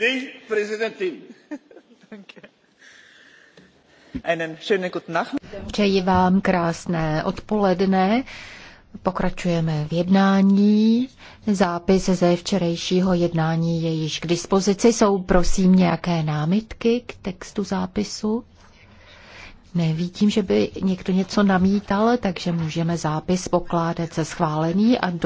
die Präsidentin. Přeji vám krásné odpoledne. Pokračujeme v jednání. Zápis ze včerejšího jednání je již k dispozici. Jsou prosím nějaké námitky k textu zápisu? Nevidím, že by někdo něco namítal, takže můžeme zápis pokládat se schválený a do